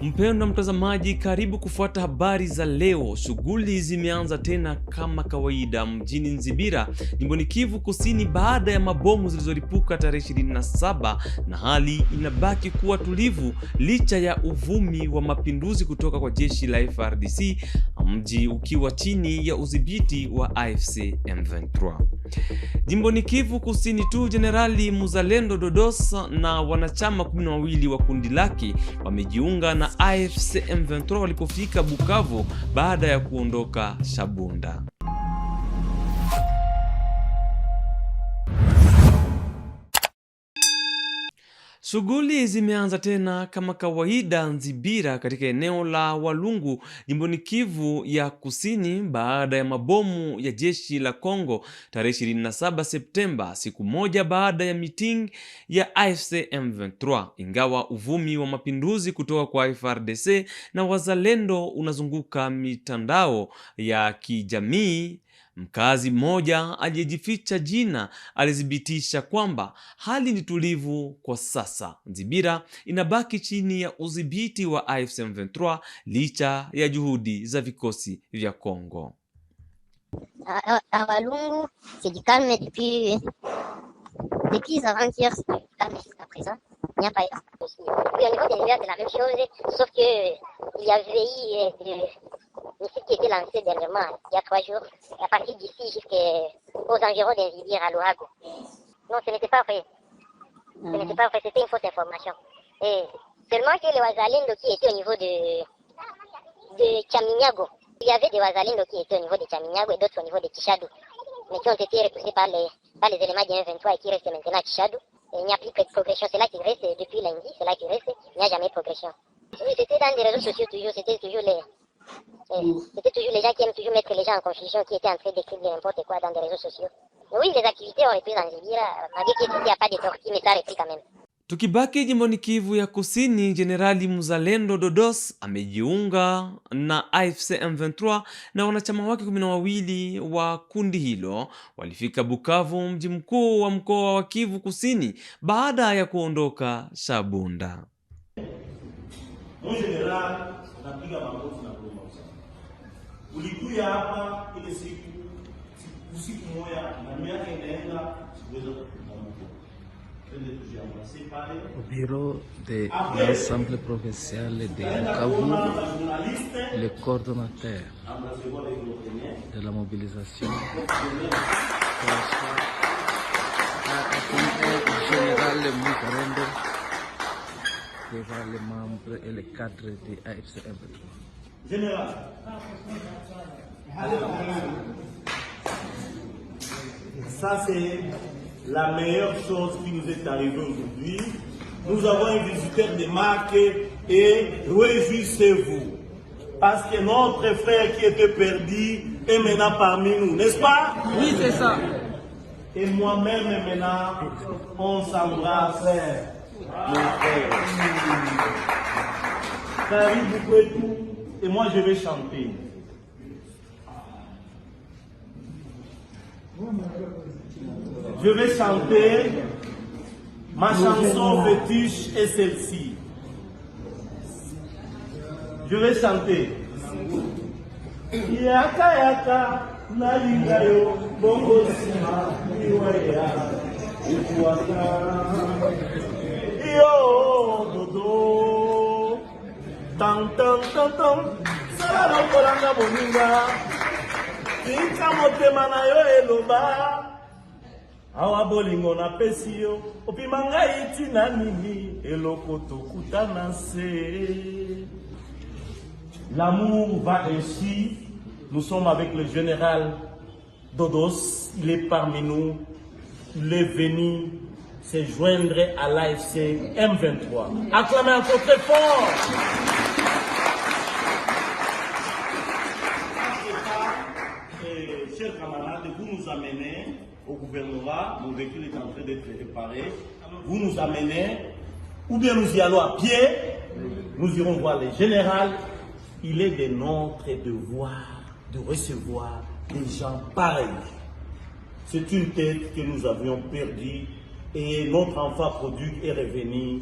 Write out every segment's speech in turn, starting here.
Mpendwa mtazamaji, karibu kufuata habari za leo. Shughuli zimeanza tena kama kawaida mjini Nzibira, jimboni Kivu Kusini, baada ya mabomu zilizolipuka tarehe 27, na hali inabaki kuwa tulivu licha ya uvumi wa mapinduzi kutoka kwa jeshi la frdc mji ukiwa chini ya udhibiti wa AFC M23. Jimboni Kivu Kusini tu, Jenerali Muzalendo Dodosa na wanachama 12 wa kundi lake wamejiunga na na AFC M23 walipofika Bukavu baada ya kuondoka Shabunda. Shughuli zimeanza tena kama kawaida Nzibira katika eneo la Walungu jimboni Kivu ya Kusini baada ya mabomu ya jeshi la Kongo tarehe 27 Septemba, siku moja baada ya miting ya AFC M23. Ingawa uvumi wa mapinduzi kutoka kwa frdc na wazalendo unazunguka mitandao ya kijamii, Mkazi mmoja aliyejificha jina alithibitisha kwamba hali ni tulivu kwa sasa. Nzibira inabaki chini ya udhibiti wa AFC M23 licha ya juhudi za vikosi vya Kongo. c'est du calme depuis depuis avant-hier, c'est du calme jusqu'à présent bien par exemple. Puis au niveau des nouvelles, c'est la même chose, sauf qu'il y avait eu euh, une site qui était lancé dernièrement, il y a trois jours, à partir d'ici jusqu'aux environs d'Inzidir à l'Ouago. Non, ce n'était pas vrai. Ce ah. n'était pas vrai, c'était une fausse information. Et seulement que les Wazalindo qui étaient au niveau de, de Chaminyago, il y avait des Wazalindo qui étaient au niveau de Chaminyago et d'autres au niveau de Kishadou, mais qui ont été repoussés par les, par les éléments du 23 et qui restent maintenant à Kishadou il n'y a plus de progression. C'est là qu'il reste, depuis lundi, c'est là qu'il reste, il n'y a jamais de progression. Oui, c'était dans les réseaux sociaux toujours, c'était toujours les, mmh. c'était toujours les gens qui aiment toujours mettre les gens en confusion, qui étaient en train d'écrire n'importe quoi dans des réseaux sociaux. Mais oui, les activités ont repris les villes, malgré il n'y a pas de sortie, mais ça repris quand même. Tukibaki jimboni Kivu ya Kusini, Jenerali Muzalendo Dodos amejiunga na AFC M23 na wanachama wake kumi na wawili wa kundi hilo walifika Bukavu, mji mkuu wa mkoa wa Kivu Kusini, baada ya kuondoka Shabunda. Ulikuja hapa ile siku usiku moja na miaka inaenda siweza au bureau de l'Assemblée provinciale de Bukavu, le coordonnateur de la mobilisation général Moukarende devant les membres et les cadres de AFC MP3. Général. Ça c'est la meilleure chose qui nous est arrivée aujourd'hui. Nous avons un visiteur de marque et réjouissez-vous. Parce que notre frère qui était perdu est maintenant parmi nous, n'est-ce pas Oui, c'est ça. Et moi-même maintenant, on s'embrasse, frère. Et moi, je vais chanter je vais chanter ma chanson fétiche et celle-ci. Je vais chanter. Yaka yaka nalinga yo bongo sima liweya ekuaka yo dodo tantan tantan sala kolanga boninga tika motema na yo eloba awa nini l'amour va ainsi nous sommes avec le général Dodos il est parmi nous il est venu se joindre à l'AFC M23 acclamez encore très fort chers camarades vous nous amenez au gouvernement, mon véhicule est en train d'être réparé. Vous nous amenez, ou bien nous y allons à pied, nous irons voir les générales. Il est de notre devoir de recevoir des gens pareils. C'est une tête que nous avions perdue et notre enfant produit est revenu.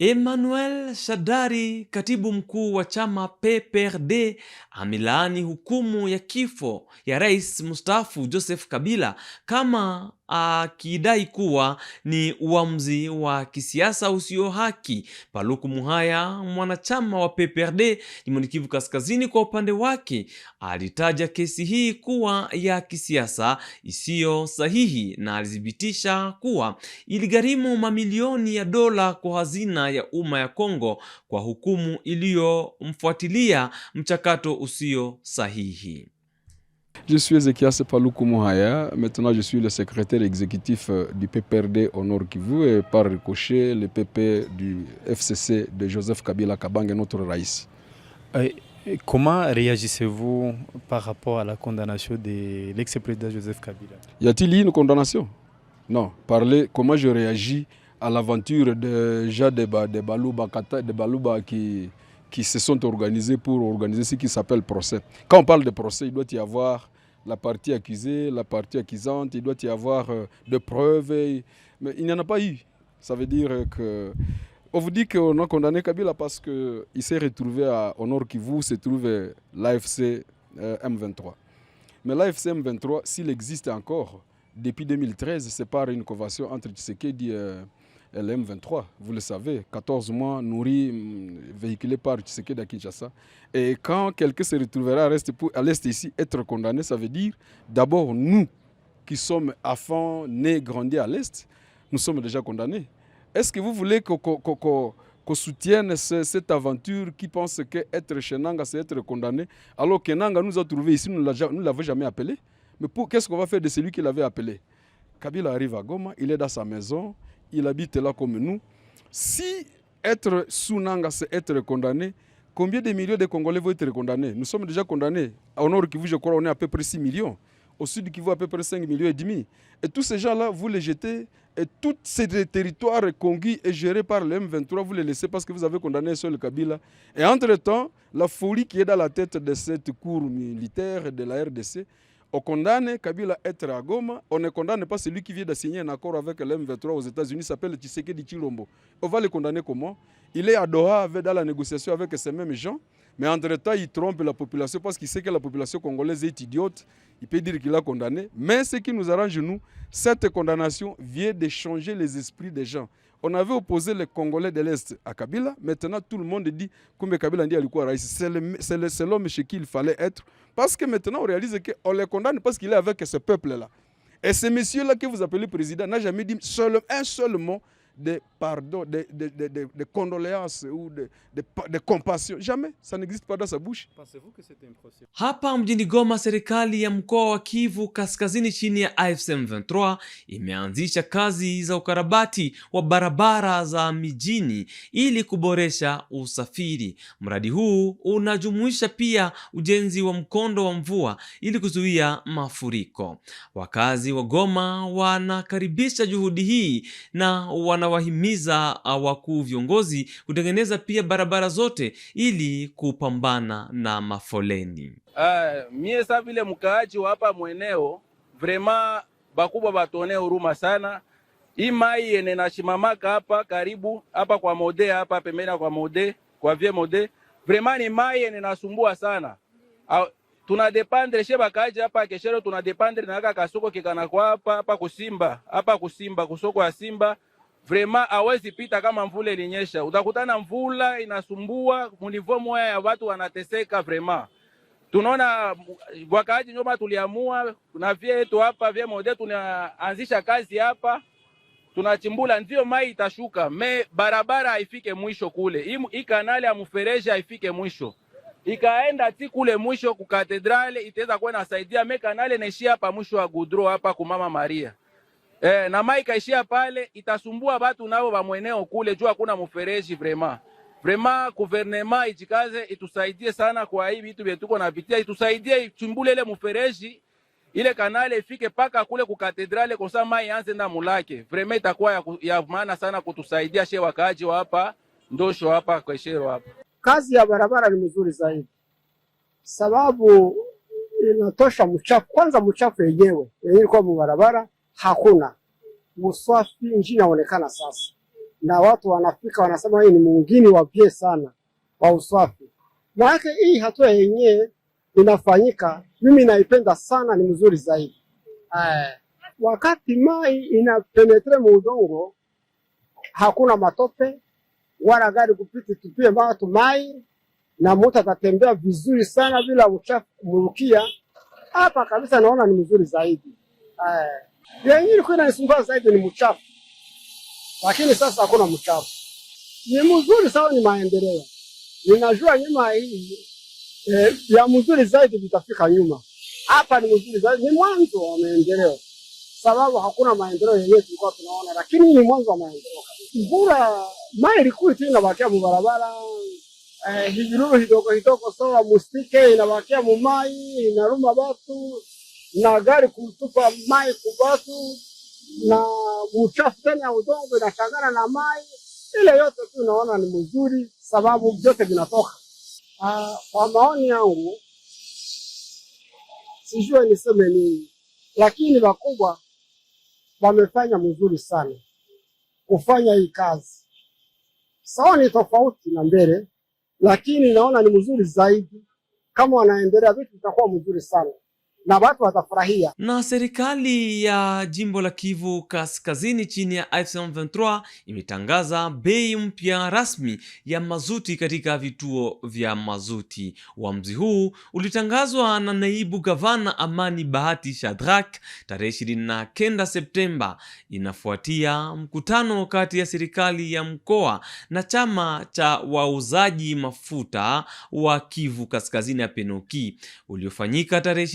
Emmanuel Shadari, katibu mkuu wa chama PPRD, amelaani hukumu ya kifo ya rais mstaafu Joseph Kabila kama akidai kuwa ni uamuzi wa kisiasa usio haki. Paluku Muhaya, mwanachama wa PPRD jimboni Kivu Kaskazini, kwa upande wake alitaja kesi hii kuwa ya kisiasa isiyo sahihi na alithibitisha kuwa iligharimu mamilioni ya dola kwa hazina ya umma ya Kongo kwa hukumu iliyomfuatilia mchakato usio sahihi. Je suis Ezekiel Paloukou Maintenant, je suis le secrétaire exécutif euh, du PPRD au Nord Kivu et par ricochet, le PP du FCC de Joseph Kabila Kabang et notre raïs. Euh, comment réagissez-vous par rapport à la condamnation de l'ex-président Joseph Kabila Y a-t-il eu une condamnation Non. Parler, comment je réagis à l'aventure de des Balouba, de qui, qui se sont organisés pour organiser ce qui s'appelle procès. Quand on parle de procès, il doit y avoir la partie accusée, la partie accusante, il doit y avoir euh, de preuves. mais il n'y en a pas eu. Ça veut dire que. On vous dit qu'on a condamné Kabila parce qu'il s'est retrouvé à, au nord vous se trouve l'AFC euh, M23. Mais l'AFC M23, s'il existe encore, depuis 2013, c'est par une convention entre Tshisekedi et euh, le M23, vous le savez, 14 mois nourris, mm, véhiculé par Tshisekedi à Et quand quelqu'un se retrouvera à l'Est, à l'est ici, être condamné, ça veut dire d'abord nous qui sommes enfants, nés, grandis à l'Est, nous sommes déjà condamnés. Est-ce que vous voulez qu'on soutienne cette aventure qui pense qu'être chez Nanga, c'est être condamné, alors que Nanga nous a trouvés ici, nous ne l'avons jamais appelé Mais qu'est-ce qu'on va faire de celui qui l'avait appelé Kabila arrive à Goma, il est dans sa maison, il habite là comme nous. Si être sunanga, c'est être condamné, combien de millions de Congolais vont être condamnés Nous sommes déjà condamnés. Au nord Kivu, je crois, on est à peu près 6 millions. Au sud Kivu, à peu près 5 millions et demi. Et tous ces gens-là, vous les jetez. Et tous ces territoires conquis et gérés par le M23, vous les laissez parce que vous avez condamné seul le Kabila. Et entre-temps, la folie qui est dans la tête de cette cour militaire de la RDC, on condamne Kabila être Goma, on ne condamne pas celui qui vient d'assigner un accord avec l'M23 aux États-Unis, s'appelle Tshisekedi Chilombo. On va le condamner comment Il est à Doha avec, dans la négociation avec ces mêmes gens, mais entre-temps, il trompe la population parce qu'il sait que la population congolaise est idiote. Il peut dire qu'il a condamné. Mais ce qui nous arrange, nous, cette condamnation vient de changer les esprits des gens. On avait opposé les Congolais de l'Est à Kabila. Maintenant, tout le monde dit comme Kabila dit à rais. C'est l'homme chez qui il fallait être. Parce que maintenant, on réalise qu'on les condamne parce qu'il est avec ce peuple-là. Et ce monsieur-là que vous appelez président n'a jamais dit un seul mot de pardon, de, de, de, de condoléances ou de compassion. Jamais, ça n'existe pas dans sa bouche. Pensez-vous que un procès Hapa mjini Goma, serikali ya mkoa wa Kivu Kaskazini chini ya AFC M23 imeanzisha kazi za ukarabati wa barabara za mijini ili kuboresha usafiri. Mradi huu unajumuisha pia ujenzi wa mkondo wa mvua ili kuzuia mafuriko. Wakazi wa Goma wanakaribisha juhudi hii na wana anawahimiza wakuu viongozi kutengeneza pia barabara zote ili kupambana na mafoleni. Uh, mie sa vile mkaaji wa hapa mweneo vrema bakubwa batone huruma sana hii mai yene nashimamaka hapa karibu hapa kwa mode hapa pembeni kwa mode kwa vie mode vrema ni mai yene nasumbua sana ah, tuna dependre she bakaji hapa keshero tuna dependre na kaka soko kikana kwa hapa hapa kusimba hapa kusimba kusoko ya Simba vraiment hawezi pita kama mvula ilinyesha. Utakutana mvula inasumbua munivo moya ya watu wanateseka vraiment. Tunaona mm, wakaaji nyuma, tuliamua na vie yetu hapa vie mode, tunaanzisha kazi hapa, tunachimbula ndio mai itashuka. Me barabara haifike mwisho kule, hii kanali ya mfereji haifike mwisho, ikaenda ti kule mwisho ku katedrale, itaweza kuwa inasaidia me kanali naishia hapa mwisho wa gudro hapa kumama Maria. Eh, na mai kaishia pale itasumbua batu nao ba mweneo kule juu hakuna mfereji vrema. Vrema gouvernement ijikaze itusaidie sana kwa hii vitu vyetuko tuko vitia itusaidie ichimbule ile mfereji ile kanale ifike paka kule ku katedrale kwa sababu mai anze nda mulake. Vrema itakuwa ya, ya maana sana kutusaidia she wakaaji wa hapa ndosho hapa kwa Shero hapa. Kazi ya barabara ni mzuri zaidi. Sababu inatosha mchafu kwanza, mchafu yenyewe yenyewe kwa barabara hakuna uswafi nji inaonekana sasa, na watu wanafika wanasema hii ni mwingine pie sana wa uswafi Maanake hii hatua yenyewe inafanyika, mimi naipenda sana, ni mzuri zaidi. Aye. Eh, wakati mai inapenetre muudongo hakuna matope wala gari kupiti tupie watu mai na mtu atatembea vizuri sana bila uchafu kumurukia. Hapa kabisa naona ni mzuri zaidi Aye. Eh. Yenye ilikuwa inanisumbua zaidi ni mchafu, lakini sasa hakuna mchafu, ni mzuri sawa, ni maendeleo. Ninajua nyuma hii eh, ya mzuri zaidi vitafika nyuma. Hapa ni mzuri zaidi, ni mwanzo wa maendeleo, sababu hakuna maendeleo yenyewe tulikuwa tunaona, lakini ni mwanzo wa maendeleo. Mvura mai ilikuwa tu inabakia mubarabara eh, hijiruru hidogo hidogo sawa, mustike inabakia mumai inaruma watu na gari kumtupa mai kubatu na uchafu tena ya udongo inachangana na mai ile yote tu, naona ni mzuri sababu vyote vinatoka. Ah, kwa maoni yangu, sijue niseme nini, lakini wakubwa wamefanya mzuri sana kufanya hii kazi. ni tofauti na mbele, lakini naona ni mzuri zaidi. Kama wanaendelea, vitu itakuwa mzuri sana na watu watafurahia. Na serikali ya jimbo la Kivu Kaskazini chini ya M23 imetangaza bei mpya rasmi ya mazuti katika vituo vya mazuti. Uamuzi huu ulitangazwa na naibu gavana Amani Bahati Shadrack tarehe ishirini na kenda Septemba, inafuatia mkutano kati ya serikali ya mkoa na chama cha wauzaji mafuta wa Kivu Kaskazini ya Penoki uliofanyika tarehe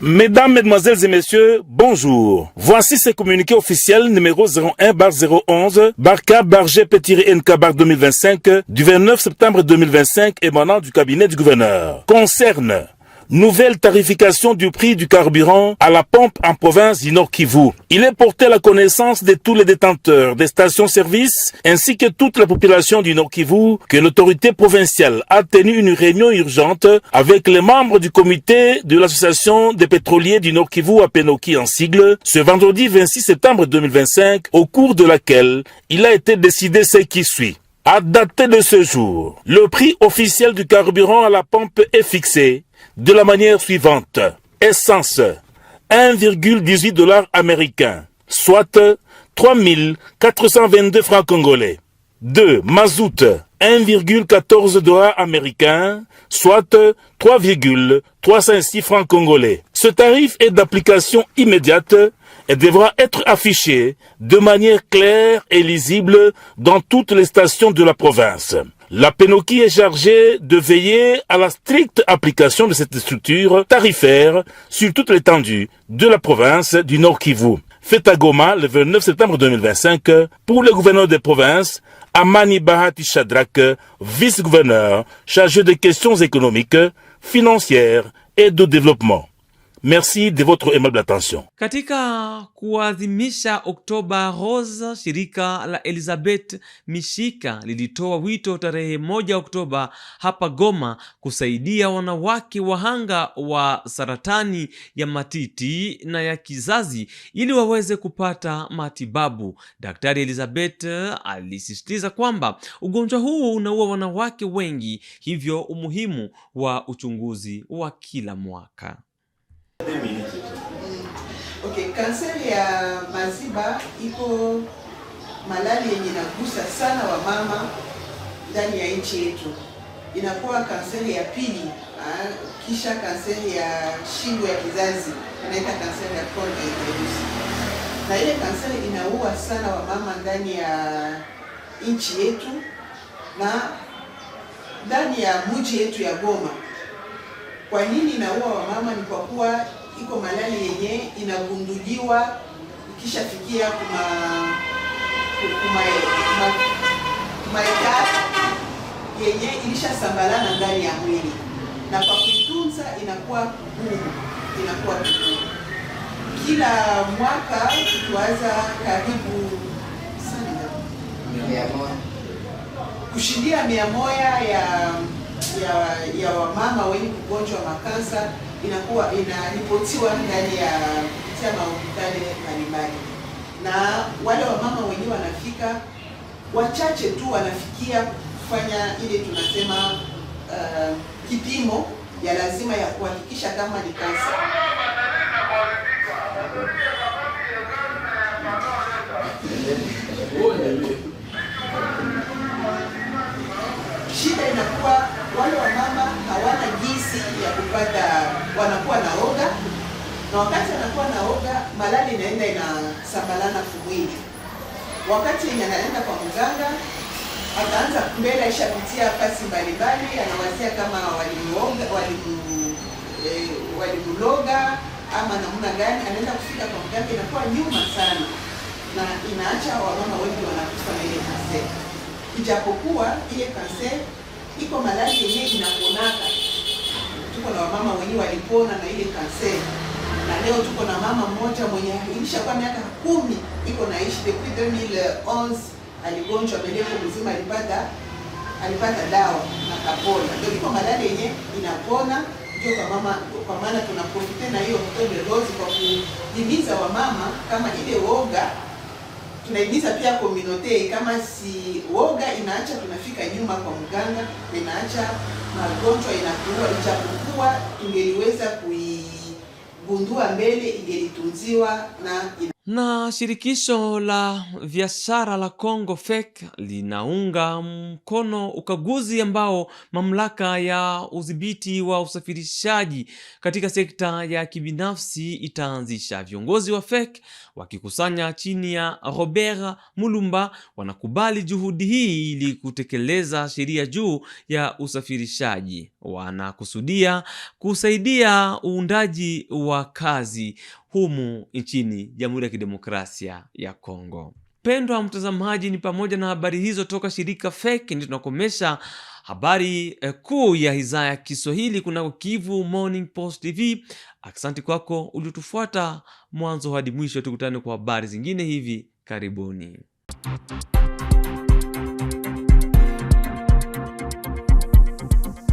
Mesdames, Mesdemoiselles et Messieurs, bonjour. Voici ce communiqué officiel numéro 01 bar 011 Barca K bar gp 2025 du 29 septembre 2025 émanant du cabinet du gouverneur. Concerne nouvelle tarification du prix du carburant à la pompe en province du Nord Kivu. Il est porté à la connaissance de tous les détenteurs des stations-service ainsi que toute la population du Nord Kivu que l'autorité provinciale a tenu une réunion urgente avec les membres du comité de l'association des pétroliers du Nord Kivu à Penoki en sigle ce vendredi 26 septembre 2025 au cours de laquelle il a été décidé ce qui suit. À dater de ce jour, le prix officiel du carburant à la pompe est fixé de la manière suivante. Essence, 1,18 dollars américains, soit 3422 francs congolais. 2. Mazout, 1,14 dollars américains, soit 3,306 francs congolais. Ce tarif est d'application immédiate et devra être affiché de manière claire et lisible dans toutes les stations de la province. La Pénoki est chargée de veiller à la stricte application de cette structure tarifaire sur toute l'étendue de la province du Nord Kivu. Fête à Goma le 29 septembre 2025 pour le gouverneur des provinces, Amani Bahati Shadrak, vice-gouverneur chargé des questions économiques, financières et de développement. Merci de votre aimable attention. Katika kuadhimisha Oktoba Rose, shirika la Elizabeth Mishika lilitoa wito tarehe moja Oktoba hapa Goma kusaidia wanawake wahanga wa saratani ya matiti na ya kizazi ili waweze kupata matibabu. Daktari Elizabeth alisisitiza kwamba ugonjwa huu unaua wanawake wengi, hivyo umuhimu wa uchunguzi wa kila mwaka. Okay, kanseri ya maziba iko malali yenye inagusa sana wamama ndani ya nchi yetu, inakuwa kanseri ya pili ah, kisha kanseri ya shingo ya kizazi, inaita kanseri ya colon irus, na ile kanseri inaua sana wamama ndani ya nchi yetu na ndani ya mji yetu ya Goma kwa nini inaua wamama? Ni kwa kuwa iko malali yenye inagundujiwa ukishafikia kuma maeka yenye ilishasambalana ndani ya mwili, na kwa kuitunza inakuwa kugumu, inakuwa kugumu. Kila mwaka tukiwaza karibu kushindia mia moja ya ya ya wamama wenye kugonjwa makansa inakuwa inaripotiwa ndani ya kupitia mahospitali mbalimbali, na wale wamama wenyewe wanafika wachache tu wanafikia kufanya ile tunasema uh, kipimo ya lazima ya kuhakikisha kama ni kansa. Shida inakuwa wale wamama hawana jinsi ya kupata, wanakuwa na oga, na wakati wanakuwa na oga malali inaenda inasambalana kumwili. Wakati yenye anaenda kwa mganga, ataanza mbele, aishapitia fasi mbalimbali, anawazia kama walimuoga, walimuloga e, ama namna gani, anaenda kufika kwa mganga inakuwa nyuma sana, na inaacha wamama wengi wanakufa na ile kase ijapokuwa ile kase iko maradhi yenyewe inaponaka. Tuko na wamama wenyewe walipona na ile kanseri, na leo tuko na mama mmoja mwenye ilishakuwa miaka kumi iko naishi depuis 2011 aligonjwa meleko mzima, alipata alipata dawa na kapona. Ndio iko maradhi yenyewe inapona. Ndio kwa mama, kwa maana tunaprofite na hiyo mtoto dozi kwa kuhimiza wamama kama ile woga tunaigiza pia komunote kama si woga inaacha tunafika nyuma kwa mganga, inaacha magonjwa inakuwa. Ijapokuwa ingeliweza kuigundua mbele, ingelitunziwa na ina na shirikisho la biashara la Congo FEC linaunga mkono ukaguzi ambao mamlaka ya udhibiti wa usafirishaji katika sekta ya kibinafsi itaanzisha. Viongozi wa FEC wakikusanya chini ya Robert Mulumba wanakubali juhudi hii ili kutekeleza sheria juu ya usafirishaji. Wanakusudia kusaidia uundaji wa kazi humu nchini Jamhuri ya Kidemokrasia ya Kongo. Pendwa mtazamaji, ni pamoja na habari hizo toka shirika feki. Ndio tunakomesha habari eh, kuu ya idhaa ya Kiswahili kunako Kivu Morning Post TV. Asante kwako uliotufuata mwanzo hadi mwisho. Tukutane kwa habari zingine hivi karibuni.